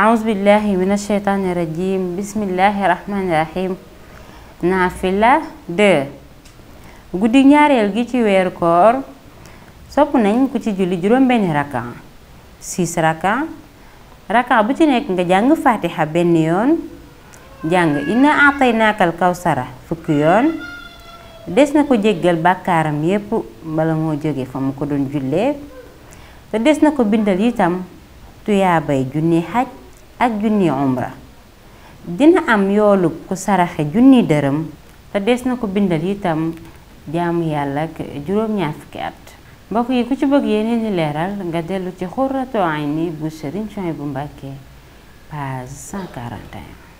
أعوذ بالله من الشيطان الرجيم بسم الله الرحمن الرحيم guddi ñaareel gi ci weeru koor sopp nañ ku ci julli juróom benni rakan 6 rakan rakan bu ci nekk nga jàng fatiha benn yoon jàng inna ataynaakal kawsara fukki yoon des na ko jéggal bàkkaaram yépp bala moo jóge fa mu ko doon jullee te des na ko bindal itam tuyaabay junni xaj ak junni umra dina am yoolub ku saraxe junni dërëm te des na ko bindal itam jaamu yàlla ak juróom-ñaar fukki at mbokk yi ku ci bëgg yeneen i leeral nga dellu ci Xurratu Ayni bu Sëriñ Suhaybu bu Mbàkke page 141